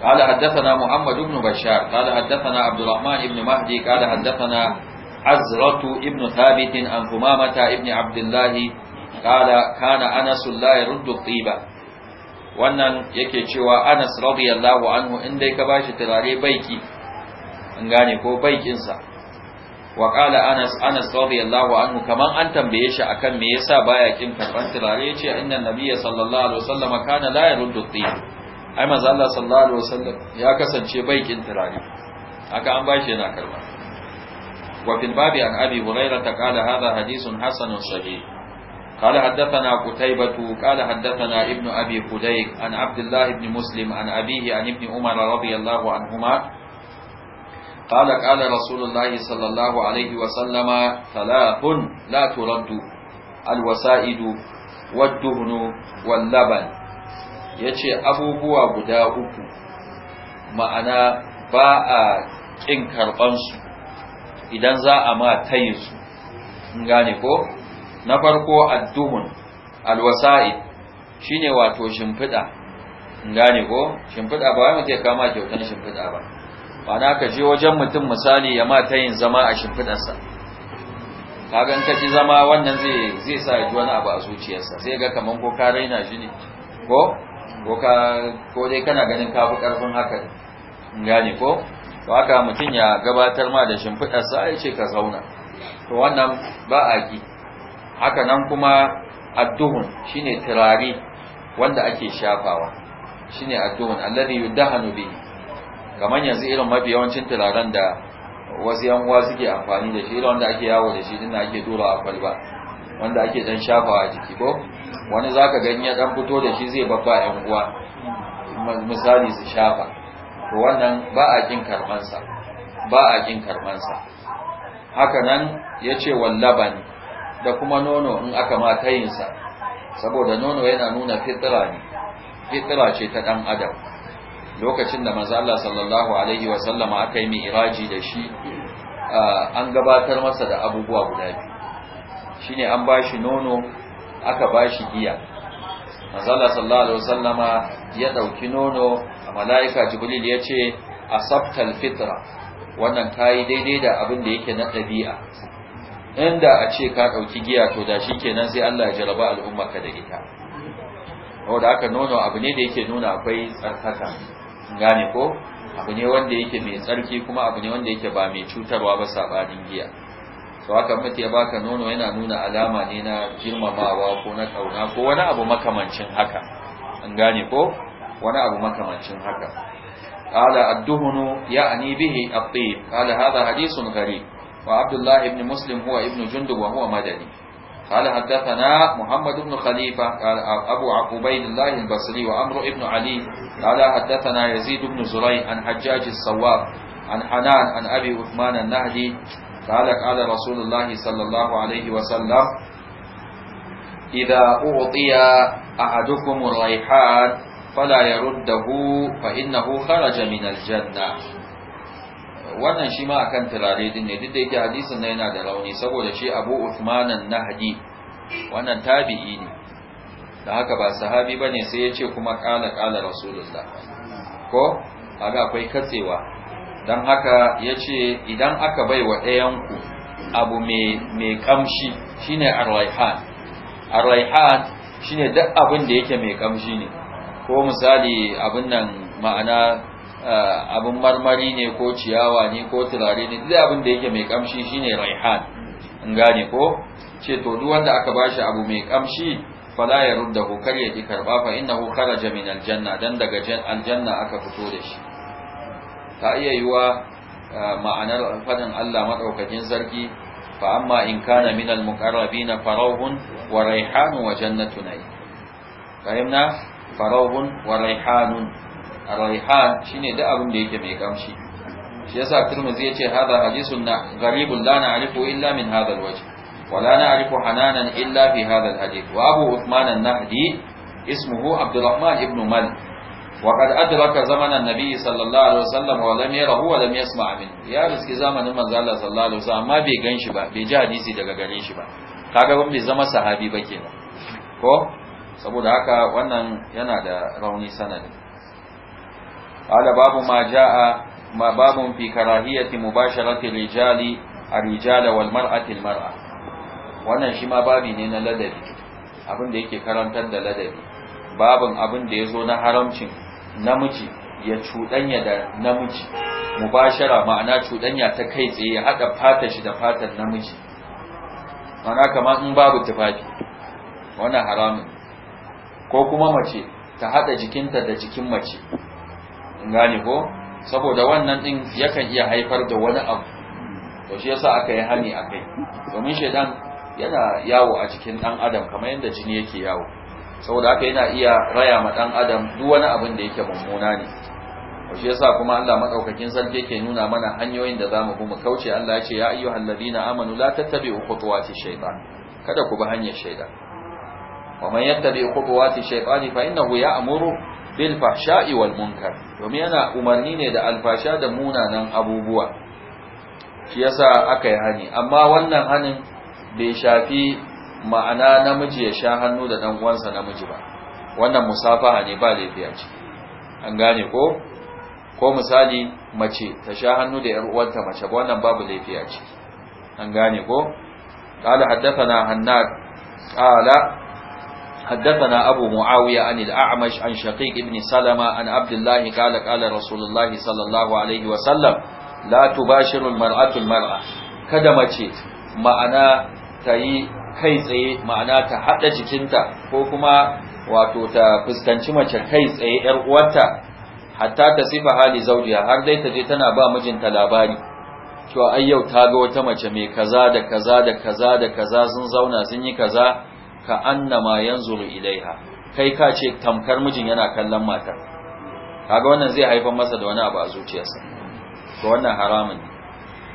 Kada a dafa Muhammadu Mubashar, kada a dafa Ibn Mahdi, kada a dafa Hassanatu Ibn Sabitin, al'umma mata Ibn Abdullahi, kada Kana Anasullahi Rundutseva. Wannan yake cewa, Anas, anhu lagu annon, in dai ka ba shi turare baikin, kunganeko, baikinsa. wa qala anas anas radiyallahu anhu kaman an tambaye shi akan me yasa baya kin karban turare yace inna nabiyya sallallahu alaihi wasallam kana la yaruddu tayyib ai manzo Allah sallallahu alaihi wasallam ya kasance bai kin turare haka an bashi yana karba wa fil babi an abi hurairah qala hadha hadithun hasanun sahih قال حدثنا قتيبة قال حدثنا ابن أبي خديك عن عبد الله بن مسلم عن أبيه عن ابن عمر رضي الله عنهما قال قال رسول الله صلى الله عليه وسلم ثلاث لا ترد الوسائد والدهن واللبن yace abubuwa guda uku ma'ana ba a kin karbansu idan za a ma tayi su gane na farko adduhun alwasa'id shine wato shimfida gane ko shimfida ba wai muke kama kyautan shimfida ba Bana ka je wajen mutum misali ya ma ta yin zama a shimfiɗarsa kagan ka ji zama wannan zai zai sa wani abu a zuciyarsa sai ga kamar ko ka raina shi ne ko ko ka ko dai kana ganin ka fi karfin haka in gane ko to haka mutum ya gabatar ma da shimfiɗarsa ya ce ka zauna to wannan ba a ki haka nan kuma adduhun shine turare wanda ake shafawa shine addu'un. alladhi yudahanu bihi kamar yanzu irin mafi yawancin turaren da wasu yan uwa suke amfani da shi irin wanda ake yawo da shi din ake dora a kwalba wanda ake dan shafawa jiki ko wani za ka ganye ya dan fito da shi zai babba yan uwa misali su shafa to wannan ba a kin karmansa ba a kin karmansa haka nan yace wallaban da kuma nono in aka ma tayinsa, saboda nono yana nuna fitra ne fitra ce ta dan adam lokacin da manzo Allah sallallahu alaihi wa sallama aka yi mi'raji da shi an gabatar masa da abubuwa guda biyu shine an bashi nono aka bashi giya manzo Allah sallallahu alaihi wa sallama ya dauki nono malaika jibril ya ce asabtal fitra wannan kai daidai da abin da yake na dabi'a inda a ce ka dauki giya to da shi kenan sai Allah ya jaraba al'ummarka da ita wanda aka nono abu ne da yake nuna akwai tsarkaka gane ko abu ne wanda yake mai tsarki kuma abu ne wanda yake ba mai cutarwa ba sabanin giya to haka mutu ya baka nono yana nuna alama ne na girmamawa ko na kauna ko wani abu makamancin haka an gane ko wani abu makamancin haka qala adduhunu ya'ni bihi at-tayyib qala hadha hadithun gharib wa abdullah ibn muslim huwa ibn jundub wa huwa madani قال حدثنا محمد بن خليفة قال أبو عبيد الله البصري وأمر ابن علي قال حدثنا يزيد بن زري عن حجاج الصواب عن حنان عن أبي عثمان النهدي قال قال رسول الله صلى الله عليه وسلم إذا أعطي أحدكم الريحان فلا يرده فإنه خرج من الجنة wannan shi ma akan turare din ne duk da yake hadisin nan yana da rauni saboda shi Abu Uthman an-Nahdi wannan tabi'i ne da haka ba sahabi bane sai ya ce kuma kala kala rasulullah ko kaga akwai katsewa dan haka yace idan aka bai wa ɗayan ku abu mai mai kamshi shine ar-raihan ar-raihan shine duk abin da yake mai kamshi ne ko misali abin nan ma'ana Eh, abin marmari ne ko ciyawa ne ko turare ne duk abin da yake mai kamshi shine raihan in gane ko ce to duk wanda aka bashi abu mai kamshi fala ya rudda ko kar ya ki karba fa innahu kharaja min aljanna dan daga aljanna aka fito da shi ta iya yiwa eh, ma'anar fadin Allah madaukakin sarki fa amma in kana min almuqarrabin na wa raihanun wa jannatun ay fahimna farahun wa raihanun raihan shine duk abin da yake mai kamshi shi yasa turmuzi yace hada hadisun na garibun la na'rifu illa min hada alwajh wa la na'rifu hananan illa fi hada alhadith wa abu uthman an-nahdi ismuhu abdurrahman ibn mal وقد أدرك زمن النبي صلى الله عليه وسلم ولم يره ولم يسمع منه يا Ya زمن zamanin زال صلى الله عليه وسلم amma bai ganshi ba bai ji hadisi daga gare shi ba kaga ban bai zama sahabi ba kenan ko saboda haka wannan yana da rauni sanadin قال باب ما جاء ما باب في كراهية مباشرة الرجال الرجال والمرأة المرأة wannan shi ma babi ne na ladabi abin da yake karantar da ladabi babin abin da ya zo na haramcin namiji ya cuɗanya da namiji mubashara ma'ana cuɗanya ta kai tsaye ya haɗa fatar shi da fatar namiji mana kamar in babu tufafi wannan haramun ko kuma mace ta haɗa jikinta da jikin mace gane ko saboda wannan din yakan iya haifar da wani abu to shi yasa aka yi hani akai domin shedan yana yawo a cikin dan adam kamar yadda jini yake yawo saboda haka yana iya raya ma dan adam duk wani abin da yake mummuna ne to shi yasa kuma Allah madaukakin sarki yake nuna mana hanyoyin da zamu bi mu kauce Allah ya ce ya ayyuhal ladina amanu la tattabi'u khutuwati shaytan kada ku bi hanyar shaytan wa man yattabi khutuwati shaytan fa innahu ya'muru bil fahsha'i wal munkar domin yana umarni ne da alfasha da munanan abubuwa shi yasa aka yi hani amma wannan hanin bai shafi ma'ana namiji ya sha hannu da dan uwansa namiji ba wannan musafaha ne ba laifi a ciki an gane ko ko misali mace ta sha hannu da yar uwarta mace ba wannan babu laifi a ciki an gane ko قال حدثنا هناد قال Haddasa na abu mu'awiya, الأعمش عن شقيق بن سلمة عن عبد الله قال قال رسول الله صلى الله عليه وسلم لا تباشر المرأة المرأة kada mace ma'ana ta yi kai tsaye ma'ana ta haɗa jikinta ko kuma wato ta fuskanci mace kai tsaye ‘yar uwarta hatta ta sifa hali zaudiya har dai ta je tana ba mijinta labari to ai yau ta ga wata mace mai kaza da kaza da kaza da kaza sun zauna sun yi kaza ka annama yanzuru ilaiha kai ka ce tamkar mijin yana kallon matar kaga wannan zai haifar masa da wani abu a zuciyarsa to wannan haramun ne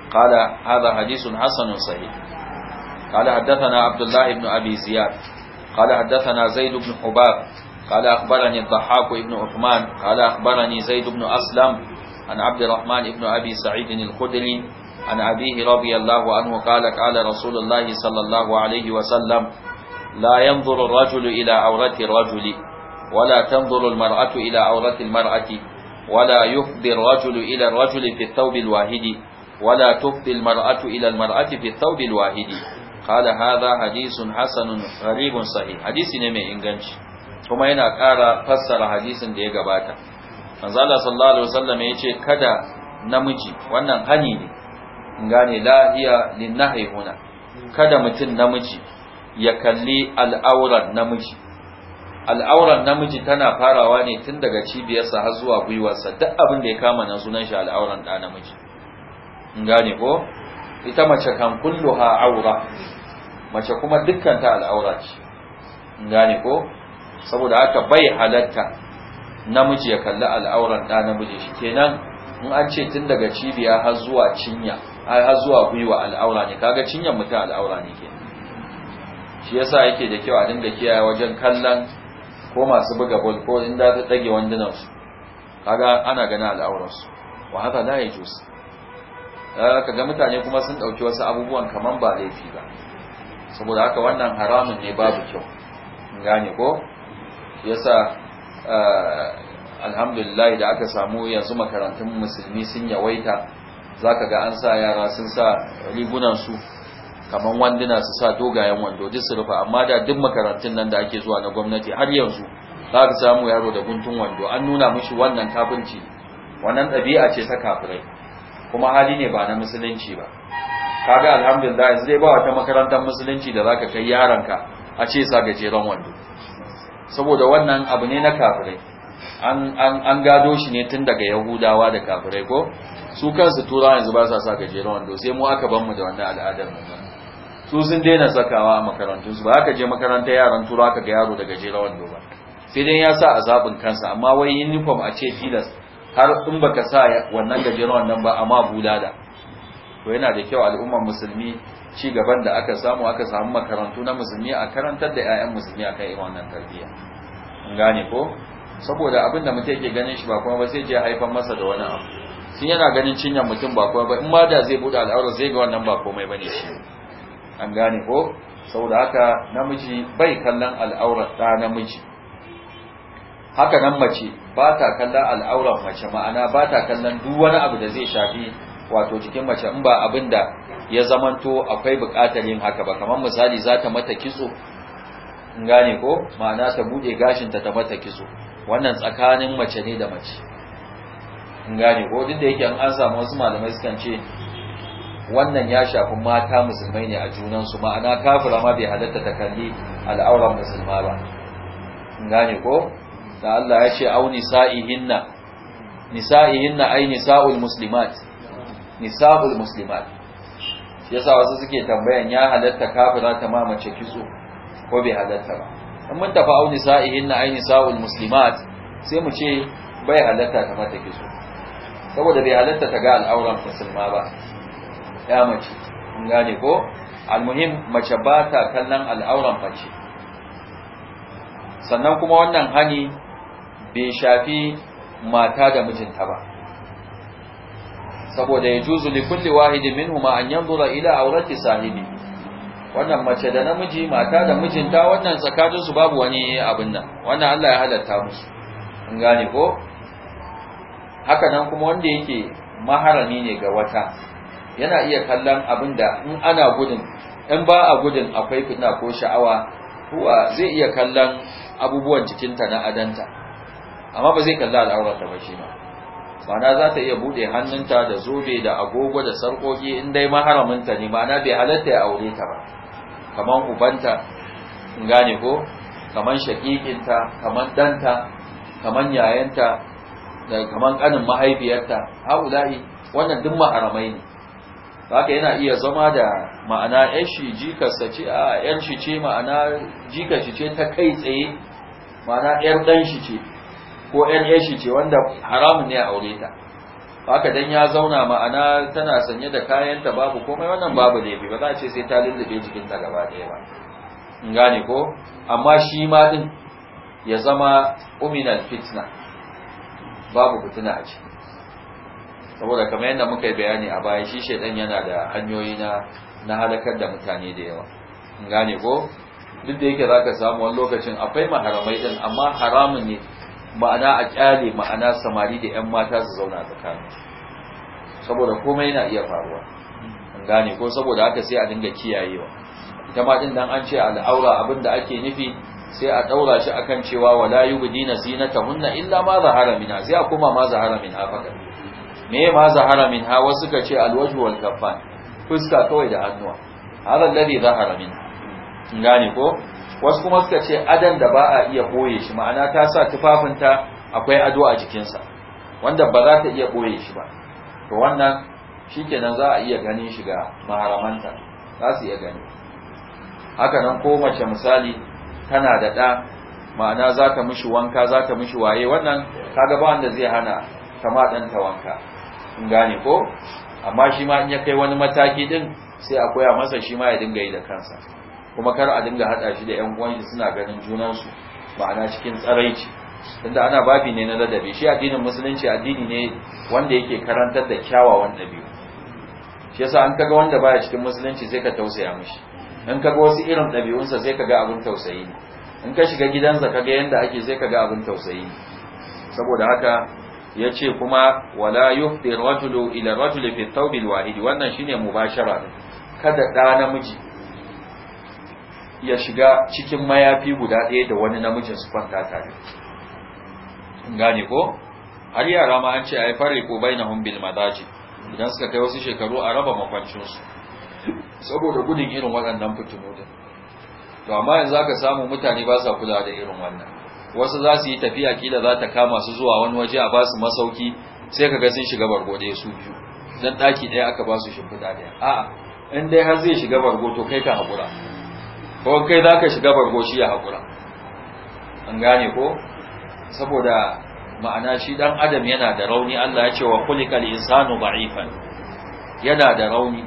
qala hadha hadithun hasanun sahih qala haddathana abdullah ibn abi ziyad qala haddathana zaid ibn hubab قال أخبرني الضحاك ابن عثمان قال أخبرني زيد بن أسلم عن عبد الرحمن بن أبي سعيد الخدري عن أبيه رضي الله عنه قال قال رسول الله صلى الله عليه وسلم لا ينظر الرجل إلى عورة الرجل ولا تنظر المرأة إلى عورة المرأة ولا يفضي الرجل إلى الرجل في الثوب الواحد ولا تفضي المرأة إلى المرأة في الثوب الواحد قال هذا حديث حسن غريب صحيح حديث نمي إنغنش kuma yana ƙara fassara hadisin da ya gabata manzala sallallahu alaihi wasallam ya ce kada namiji wannan hani ne in gane lahiya lin nahihuna kada mutum namiji ya kalli al'auran namiji al'auran namiji tana farawa ne tun daga cibiyarsa har zuwa gwiwarsa duk abin da ya kama na sunan shi al'auran ɗa namiji in gane ko ita mace kan kulluha aura mace kuma dukkan ta al'aura ce in gane ko saboda haka bai halatta namiji ya kalli al'auran ɗa namiji shi kenan in an ce tun daga cibiya har zuwa cinya har zuwa gwiwa al'aura ne kaga cinyan mutum al'aura ne kenan shi yasa yake da kyau a dinga kiyaye wajen kallon ko masu buga bol ko in da ta dage wandunan su kaga ana gani al'auran su wa haka ya jusu ka ga mutane kuma sun dauki wasu abubuwan kaman ba laifi ba saboda haka wannan haramun ne babu kyau gane ko shi yasa eh, alhamdulillah da aka samu yanzu makarantun musulmi sun yawaita zaka ga an sa yara sun sa rigunan su kamar wanduna su sa dogayen wando duk su rufa amma da duk makarantun nan da ake zuwa na gwamnati har yanzu za ka samu yaro da guntun wando an nuna mishi wannan kafinci wannan ɗabi'a ce ta kafirai kuma hali ne ba na musulunci ba kaga alhamdulillah yanzu dai ba wata makarantar musulunci da za ka kai yaranka a ce sa gajeren wando saboda wannan abu ne na kafirai an an an gado shi ne tun daga yahudawa da kafirai ko su kansu turawa yanzu ba sa sa gajeren wando sai mu aka bar mu da wannan al'adar mu su sun daina sakawa a makarantunsu ba aka je makarantar yaran tura aka ga yaro daga jera wando ba sai dai ya sa a zaɓin kansa amma wai uniform a ce tilas har in baka sa wannan gajeren wannan ba amma bulada to yana da kyau al'ummar musulmi ci gaban da aka samu aka samu makarantu na musulmi a karantar da 'ya'yan musulmi a kan irin wannan tarbiyya in gane ko saboda abin da mutum yake ganin shi ba kuma ba sai je haifan masa da wani abu sun yana ganin cinyar mutum ba kuma ba in ma da zai buɗe al'aurar zai ga wannan ba komai bane shi an gane ko saboda haka namiji bai kallon al'aurar ɗa namiji haka nan mace ba ta kallon al'aurar mace ma'ana ba ta kallon duk wani abu da zai shafi wato cikin mace in ba abin da ya zamanto akwai buƙatar yin haka ba kamar misali za ta mata kitso in gane ko ma'ana ta buɗe gashinta ta mata kitso wannan tsakanin mace ne da mace in gane ko duk da yake an samu wasu malamai sukan ce wannan ya shafi mata musulmai ne a junansu ma'ana kafira ma bai halatta ta kalli al'auran musulma ba gane ko da Allah ya ce au nisa'ihinna nisa'ihinna ai nisa'ul muslimat nisa'ul muslimat yasa wasu suke tambayan ya halatta kafira ta ma mace kitso ko bai halatta ba in mun tafi au nisa'ihinna ai nisa'ul muslimat sai mu ce bai halatta ta mata kitso saboda bai halatta ta ga al'auran musulma ba ya mace in gane ko almuhim mace ba ta kallon al'auran mace sannan kuma wannan hani bai shafi mata da mijinta ba saboda ya juzu li kulli wahidin minhuma an yanzura ila aurati sahibi wannan mace da namiji mata da mijinta wannan tsakanin su babu wani abin nan wannan Allah ya halatta musu an gane ko haka nan kuma wanda yake maharami ne ga wata yana iya kallon abin da in ana gudun in ba a gudun akwai fitna ko sha'awa kuwa zai iya kallon abubuwan cikinta na adanta amma ba zai kalli al'aurata ba shi ma ma'ana za ta iya buɗe hannunta da zobe da agogo da sarƙoƙi in dai maharaminta ne ma'ana bai halatta ya aure ta ba kamar ubanta in gane ko kamar shaƙiƙinta kamar danta kamar yayanta da kamar ƙanin mahaifiyarta haula'i wannan duk maharamai ne haka yana iya zama da ma'ana yar shi jikarsa ce a yar shi ce ma'ana jikar shi ce ta kai tsaye ma'ana yar dan shi ce ko yar yar shi ce wanda haramun ne a aure ta haka dan ya zauna ma'ana tana sanye da kayanta babu komai wannan babu laifi ba za a ce sai ta lullube jikinta gaba ɗaya ba in gane ko amma shi ma din ya zama uminal fitna babu fitina a ciki saboda kamar yadda muka yi bayani a baya shi shaidan yana da hanyoyi na na halakar da mutane da yawa in gane ko duk da yake zaka samu wani lokacin akwai maharamai din amma haramun ne ma'ana a kyale ma'ana samari da yan mata su zauna tsakanin saboda komai yana iya faruwa in gane ko saboda haka sai a dinga kiyayewa ita ma din dan an ce al'aura abin da ake nufi sai a daura shi akan cewa wala yubdina zinatahunna illa ma zahara minha sai a koma ma zahara minha fakat me ma zahara min ha wasu suka ce alwaju wal kaffan fuska kawai da hannuwa hada alladhi zahara min gane ko wasu kuma suka ce adan da ba a iya boye shi ma'ana ta sa tufafinta akwai ado a jikinsa wanda ba za ta iya boye shi ba to wannan shikenan za a iya ganin shi ga maharamanta za su iya gani haka nan ko mace misali tana da ɗa ma'ana za ka mishi wanka za ka mishi waye wannan kaga ba wanda zai hana kama ɗanta wanka kun gane ko amma shi ma in ya kai wani mataki din sai a koya masa shi ma ya dinga yi da kansa kuma kar a dinga hada shi da yan uwan suna ganin junansu, ma'ana cikin tsaraici tunda ana babi ne na ladabi shi addinin musulunci addini ne wanda yake karantar da kyawawan dabi'u shi yasa an kaga wanda baya cikin musulunci sai ka tausaya mishi in kaga wasu irin ɗabi'unsa sai ka ga abin tausayi in ka shiga gidansa kaga yanda ake sai ka ga abin tausayi saboda haka Ya ce kuma wala yufdi rajulu ila rajuli fi thawb alwahid wannan shine mubashara kada da namiji ya shiga cikin mayafi guda ɗaya da wani namijin su kwanta tare gane ko har yara ma an ce ai fariqu bainahum bil madaji idan suka kai wasu shekaru a raba makwancin su saboda gudun irin waɗannan fitinu din to amma yanzu aka samu mutane ba sa kula da irin wannan wasu za su yi tafiya kila za ta kama su zuwa wani waje a ba su masauki sai kaga sun shiga bargo ɗaya su biyu don ɗaki ɗaya aka ba su shimfiɗa ɗaya a'a in dai har zai shiga bargo to kai ka haƙura ko kai za ka shiga bargo shi ya haƙura an gane ko saboda ma'ana shi ɗan adam yana da rauni Allah ya ce wa kulikal insanu ba'ifan yana da rauni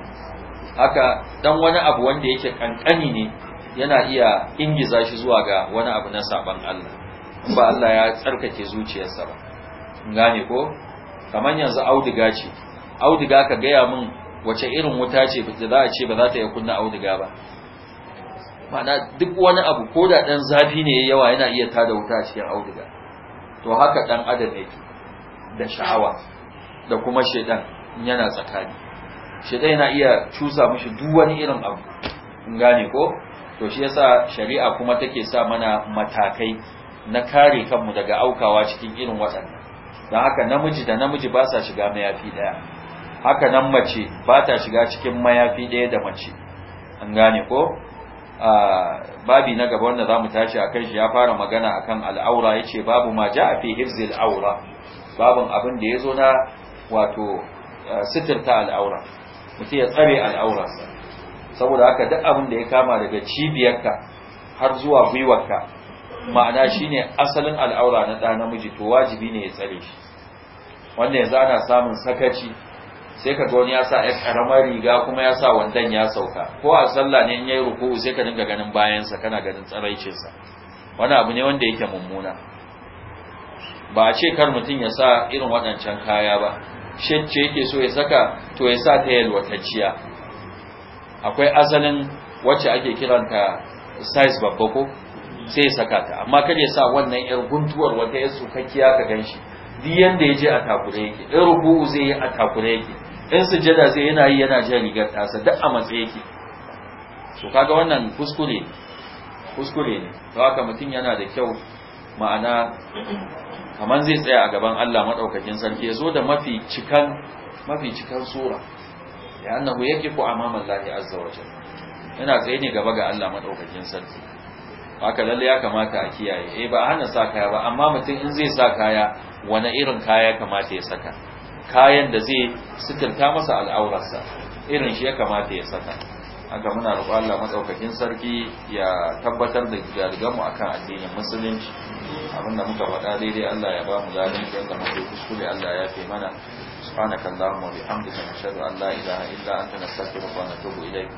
haka dan wani abu wanda yake kankani ne yana iya ingiza shi zuwa ga wani abu na saban Allah ba Allah ya tsarkake zuciyarsa ba gane ko kamar yanzu auduga ce auduga ka gaya min wace irin wuta ce da za a ce ba za ta iya kunna auduga ba mana duk wani abu ko da ɗan zafi ne yawa yana iya tada wuta a cikin auduga to haka ɗan adam ne da sha'awa da kuma shaidan yana tsakani shaidan yana iya cusa mishi duk wani irin abu in gane ko to shi yasa shari'a kuma take sa mana matakai na kare kanmu daga aukawa cikin irin waɗannan don haka namiji da namiji ba sa shiga mayafi ɗaya haka nan mace ba ta shiga cikin mayafi ɗaya da mace an gane ko babi na gaba wanda za mu tashi a kan shi ya fara magana a kan al'aura ya ce babu ma ja a fi hifzil aura babin abin da ya zo na wato sitirta al'aura mutum ya tsare al'aurarsa saboda haka duk abin da ya kama daga cibiyarka har zuwa gwiwarka ma'ana shine asalin al'aura na da namiji to wajibi ne ya tsare shi wanda yanzu ana samun sakaci sai ka ga wani ya sa ya karamar riga kuma ya sa wandan ya sauka ko a sallah ne in yayi ruku'u sai ka dinga ganin bayansa kana ganin tsaraicinsa wani abu ne wanda yake mummuna ba a ce kar mutum ya sa irin waɗancan kaya ba shacce yake so ya saka to ya sa ta yalwatacciya akwai asalin wacce ake kiranta size babba ko sai ya saka ta amma kada ya sa wannan yar guntuwar wata yar kiya ka ganshi duk yanda ya je a takure yake in ruku'u zai yi a takure yake in sujada zai yana yi yana jan rigar tasa duk a matsayi yake to kaga wannan kuskure kuskure ne to haka mutum yana da kyau ma'ana kaman zai tsaya a gaban Allah madaukakin sarki yazo da mafi cikan mafi cikan sura ya annahu ku amama Allah azza wa yana tsaye ne gaba ga Allah madaukakin sarki haka lalle ya kamata a kiyaye eh ba hana sa kaya ba amma mutum in zai sa kaya wani irin kaya kamata ya saka kayan da zai suturta masa al'aurarsa irin shi ya kamata ya saka haka muna roƙon Allah madaukakin sarki ya tabbatar da galiganmu akan addinin musulunci abinda muka faɗa daidai Allah ya ba mu zalunci wanda muke kuskure Allah ya fi mana subhanakallahumma wa bihamdika nashhadu an la ilaha illa anta nastaghfiruka wa natubu ilayk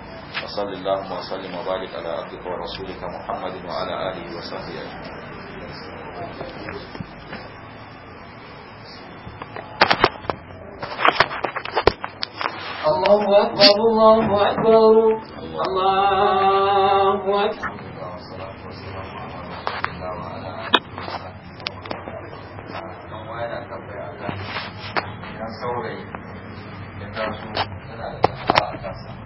وصل اللهم وسلم وبارك على عبدك ورسولك محمد وعلى آله وصحبه أجمعين الله أكبر الله أكبر الله أكبر saurayi ya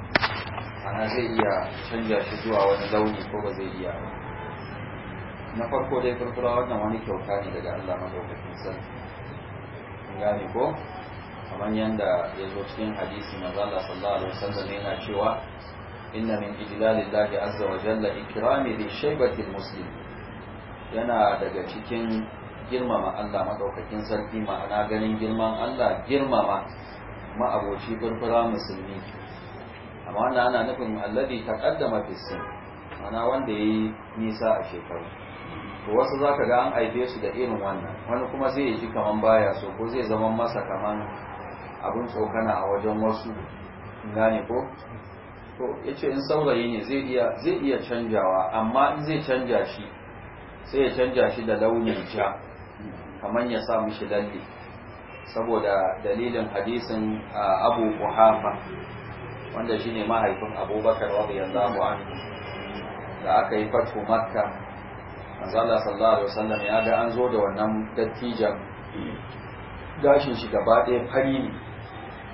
ana zai iya canja shi zuwa wani launi ko ba zai iya ba na farko dai furfura wannan wani kyauta ne daga Allah madaukakin sarki gane ko kamar yadda ya zo cikin hadisi na zala sallallahu alaihi wasallam yana cewa inna min ijlalillahi azza wa jalla ikrami li shaybatil muslim yana daga cikin girmama Allah madaukakin sarki ma'ana ganin girman Allah girmama ma'aboci furfura musulmi amma wannan ana nufin alladi ta kaddama fisin mana wanda ya yi nisa a shekaru to wasu za ka ga an aife su da irin wannan wani kuma zai yi kaman baya so ko zai zama masa kaman abin tsokana a wajen wasu gane ko to ce in saurayi ne zai iya canjawa amma in zai canja shi sai ya canja shi da launin ja kaman ya sa mishi lalle saboda dalilin hadisin ah, abu buhafa. wanda shine mahaifin abubakar radiyallahu anhu da aka yi fatu makka manzala sallallahu alaihi wasallam ya ga an zo da wannan dattijan gashin shi gaba ɗaya fari ne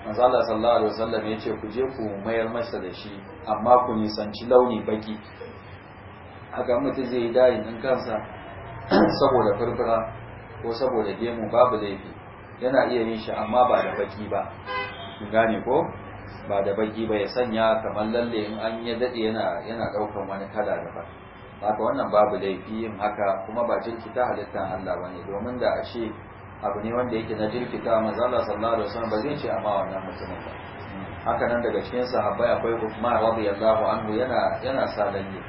manzala sallallahu alaihi wasallam ya ce ku je ku mayar masa da shi amma ku nisanci launi baki haka mutu zai yi dayin ɗin kansa [clears throat] saboda furfura ko saboda gemu babu laifi yana iya yin shi amma ba da baki ba gane ko ba da baki ba ya sanya kamar lalle in an yi dade yana yana daukan wani kala ba haka wannan babu laifi yin haka kuma ba jirkita halittar Allah bane domin da ashe abu ne wanda yake na jirkita manzo Allah sallallahu alaihi wasallam ba zai ce amma wannan mutumin ba haka nan daga cikin sahabbai akwai Uthman radiyallahu anhu yana yana sadalle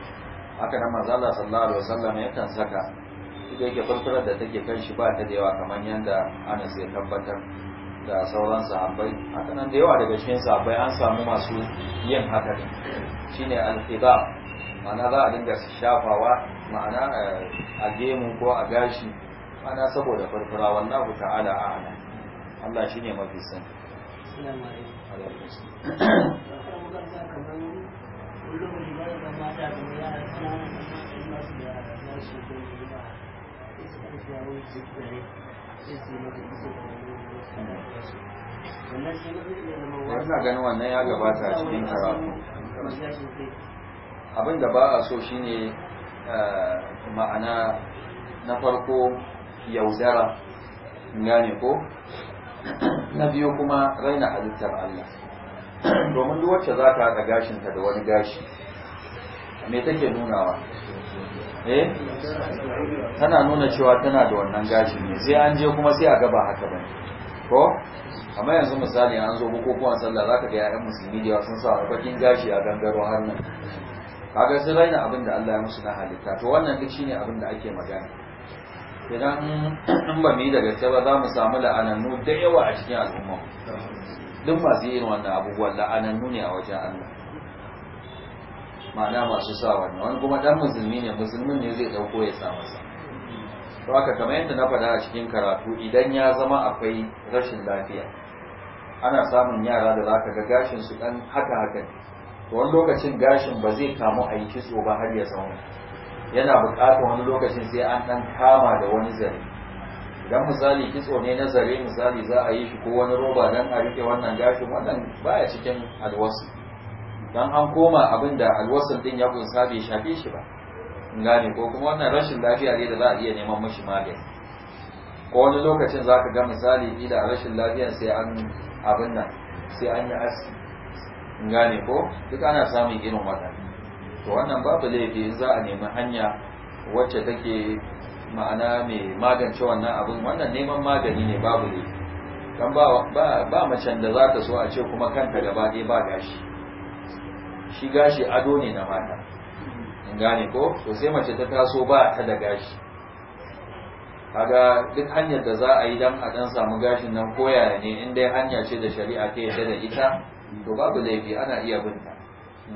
haka nan manzo Allah sallallahu alaihi wasallam yakan saka duk yake furfurar da take kan shi ba ta da yawa kamar yanda Anas ya tabbatar da sauran sahabbai haka nan da yawa daga cikin sahabbai an samu masu yin haka ne shine al-qida ma'ana za a dinga shafawa ma'ana a gemu ko a gashi ma'ana saboda farfara wallahu ta'ala a'lam Allah shine mafi san assalamu alaikum yana ganin wannan ya gabata cikin karatu abin da ba a so shine eh, ma'ana na farko yaudara gane ko na biyu kuma raina halittar Allah domin duk wacce za ta haɗa gashinta da wani gashi me take nunawa eh tana nuna cewa tana da wannan gashi ne sai an je kuma sai a gaba haka ba ko amma yanzu misali an zo bukukuwan sallah zaka ga yayan musulmi da sun sa bakin gashi a gangaro har nan kaga sai raina abin da Allah ya musu na halitta to wannan duk shine abin da ake magana idan [clears throat] in ba mu yi da gaske ba za mu samu la'anannu da yawa a cikin al'umma duk masu yin wannan abubuwan la'anannu ne a wajen Allah ma'ana masu sa wannan wani kuma dan musulmi ne musulmin ne zai dauko ya sa masa to haka kamar yadda na faɗa a cikin karatu idan ya zama akwai rashin lafiya ana samun yara da zaka ga gashin su dan haka haka to wani lokacin gashin ba zai kamu a yi kitso ba har ya zama yana buƙatar wani lokacin sai an dan kama da wani zare idan misali kitso ne na zare misali za a yi shi ko wani roba dan a rike wannan gashin wannan baya cikin alwasu dan an koma abin da alwasan din ya kunsa bai shafe shi ba in gane ko kuma wannan rashin lafiya ne da za a iya neman mashi magani ko wani lokacin za ka ga misali ila rashin lafiyan sai an abin nan sai an yi aski in gane ko duk ana samun irin wannan to wannan babu laifi in za a nemi hanya wacce take ma'ana mai magance wannan abin wannan neman magani ne babu laifi dan ba ba macen da za ta so a ce kuma kanta gaba ɗaya ba gashi shi gashi ado ne na mata in gane ko to sai mace ta taso ba ta da gashi kaga duk hanyar da za a yi dan a dan samu gashin nan koya ne in dai hanya ce da shari'a ta yadda da ita to babu laifi ana iya bin binta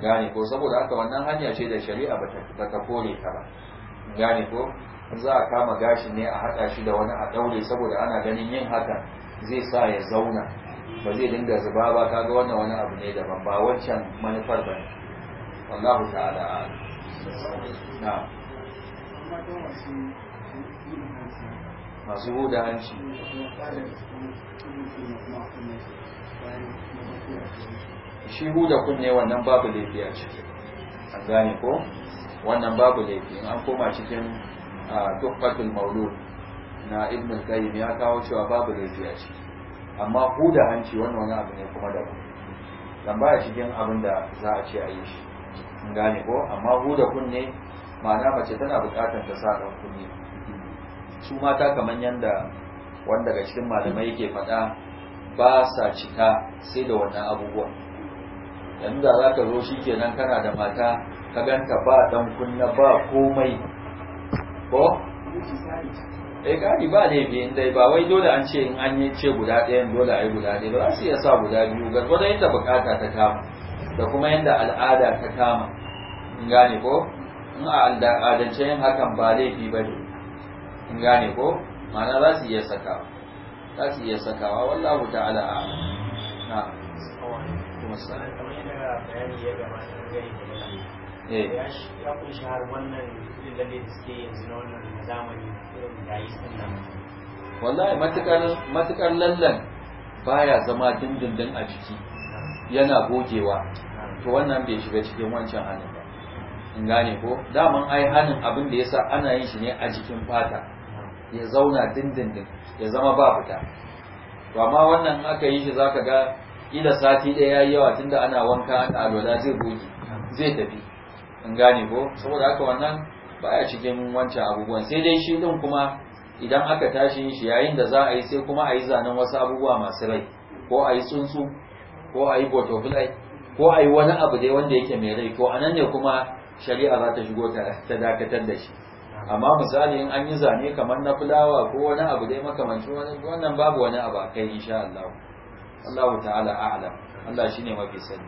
gane ko saboda haka wannan hanya ce da shari'a ba ta kore ta ba gane ko za a kama gashi ne a haɗa shi da wani a ɗaure saboda ana ganin yin haka zai sa ya zauna ba zai dinga zuba ba kaga wannan wani abu ne daban ba wancan manufar ba ne wallahu ta'ala a na masu huda hanci shi huda kunne wannan babu laifi a ciki a gane ko wannan babu laifi an koma cikin ah, tuhfatul maulud na ibn qayyim ya kawo cewa babu laifi a ciki amma huda hanci wannan wani abu ne kuma daban dan ya cikin abin da za a ce a yi shi in gane ko amma huda kunne ma'ana mace tana buƙatar ta sa ɗan kunne su mata kamar yanda wanda daga cikin malamai yake faɗa ba sa cika sai da wannan abubuwa, yanzu da za ka zo shi kenan kana da mata ka ganta ba ɗan kunna ba komai ko ai eh, gadi ba laifi in dai ba wai dole an ce in an yi ce guda ɗayan dole a yi guda ɗaya ba za su iya sa guda biyu ga gwada yadda bukata ta kama da kuma yadda al'ada ta kama in gane ko in a al'adance yin hakan ba laifi ba ne in gane ko ma'ana za su iya sakawa za su iya sakawa wallahu ta'ala a na musamman kamar yadda bayani ya gabata gani da eh. ya kunshi har wannan zirga-zirga da suke yanzu na wannan zamani irin wallahi matukar lallan baya zama dindindin a jiki yana gogewa to wannan bai shiga cikin wancan hannun ba in gane ko daman ai hannun abin da yasa ana yin shi ne a jikin fata ya zauna dindindin ya zama ba fita to amma wannan aka yi shi zaka ga ila sati ɗaya yayi yawa tunda ana wanka ana alwala zai goge zai tafi in gane ko saboda haka wannan baya cikin wancan abubuwan sai dai shi din kuma idan aka tashi shi yayin da za a yi sai kuma a yi zanen wasu abubuwa masu rai ko a yi tsuntsu ko a yi butterfly ko a yi wani abu dai wanda yake mai rai to anan ne kuma shari'a za ta shigo ta dakatar da shi amma misali in an yi zane kamar na fulawa ko wani abu dai makamancin wannan babu wani abu a kai insha Allah Allah ta'ala a'lam Allah shine mafi sani